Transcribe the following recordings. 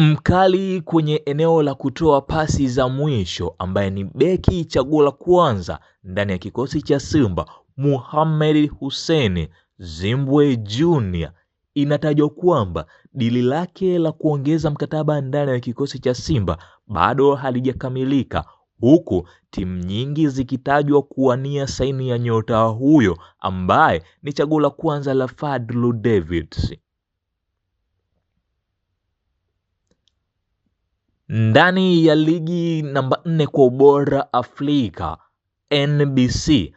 Mkali kwenye eneo la kutoa pasi za mwisho ambaye ni beki chaguo la kwanza ndani ya kikosi cha Simba Muhammad Hussein Zimbwe Junior. Inatajwa kwamba dili lake la kuongeza mkataba ndani ya kikosi cha Simba bado halijakamilika huku timu nyingi zikitajwa kuwania saini ya nyota huyo ambaye ni chaguo la kwanza la Fadlu Davids. Ndani ya ligi namba nne kwa ubora Afrika NBC,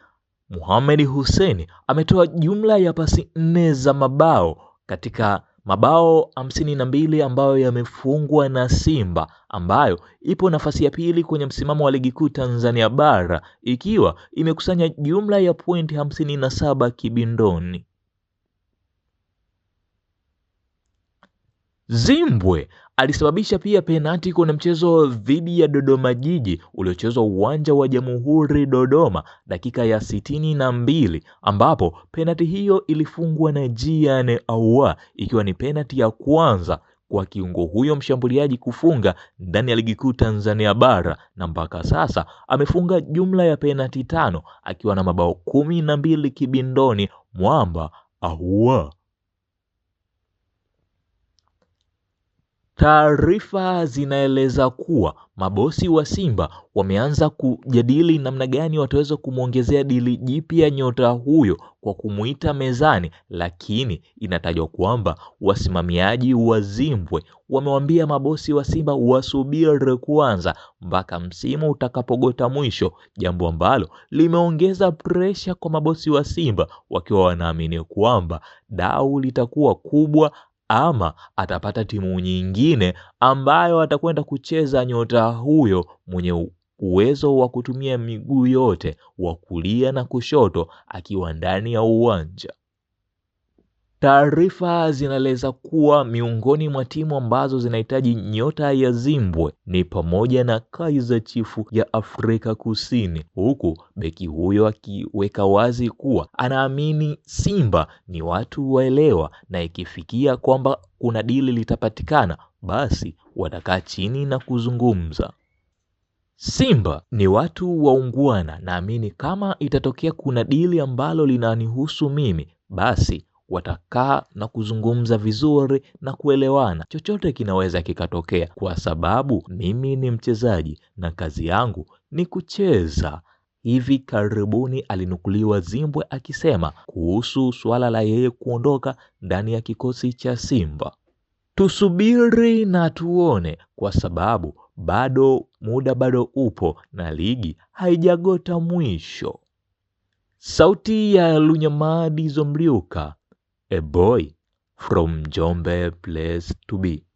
Mohamed Hussein ametoa jumla ya pasi nne za mabao katika mabao hamsini na mbili ambayo yamefungwa na Simba ambayo ipo nafasi ya pili kwenye msimamo wa ligi kuu Tanzania bara ikiwa imekusanya jumla ya pointi hamsini na saba kibindoni. Zimbwe alisababisha pia penati kwenye mchezo dhidi ya Dodoma Jiji uliochezwa uwanja wa Jamhuri Dodoma dakika ya sitini na mbili ambapo penati hiyo ilifungwa na Jean Ahoua ikiwa ni penati ya kwanza kwa kiungo huyo mshambuliaji kufunga ndani ya ligi kuu Tanzania bara na mpaka sasa amefunga jumla ya penati tano akiwa na mabao kumi na mbili kibindoni mwamba Ahoua. Taarifa zinaeleza kuwa mabosi wa Simba wameanza kujadili namna gani wataweza kumwongezea dili jipya nyota huyo kwa kumuita mezani, lakini inatajwa kwamba wasimamiaji wa Zimbwe wamewaambia mabosi wa Simba wasubiri kwanza mpaka msimu utakapogota mwisho, jambo ambalo limeongeza presha kwa mabosi wa Simba wakiwa wanaamini kwamba dau litakuwa kubwa ama atapata timu nyingine ambayo atakwenda kucheza nyota huyo mwenye uwezo wa kutumia miguu yote wa kulia na kushoto akiwa ndani ya uwanja. Taarifa zinaeleza kuwa miongoni mwa timu ambazo zinahitaji nyota ya zimbwe ni pamoja na Kaizer Chiefs ya Afrika Kusini, huku beki huyo akiweka wazi kuwa anaamini Simba ni watu waelewa, na ikifikia kwamba kuna dili litapatikana, basi watakaa chini na kuzungumza. Simba ni watu waungwana, naamini kama itatokea kuna dili ambalo linanihusu mimi, basi watakaa na kuzungumza vizuri na kuelewana. Chochote kinaweza kikatokea, kwa sababu mimi ni mchezaji na kazi yangu ni kucheza. Hivi karibuni alinukuliwa Zimbwe akisema kuhusu suala la yeye kuondoka ndani ya kikosi cha Simba. Tusubiri na tuone, kwa sababu bado muda bado upo na ligi haijagota mwisho. Sauti ya Lunyamadi Zomriuka, a boy from Jombe place to be.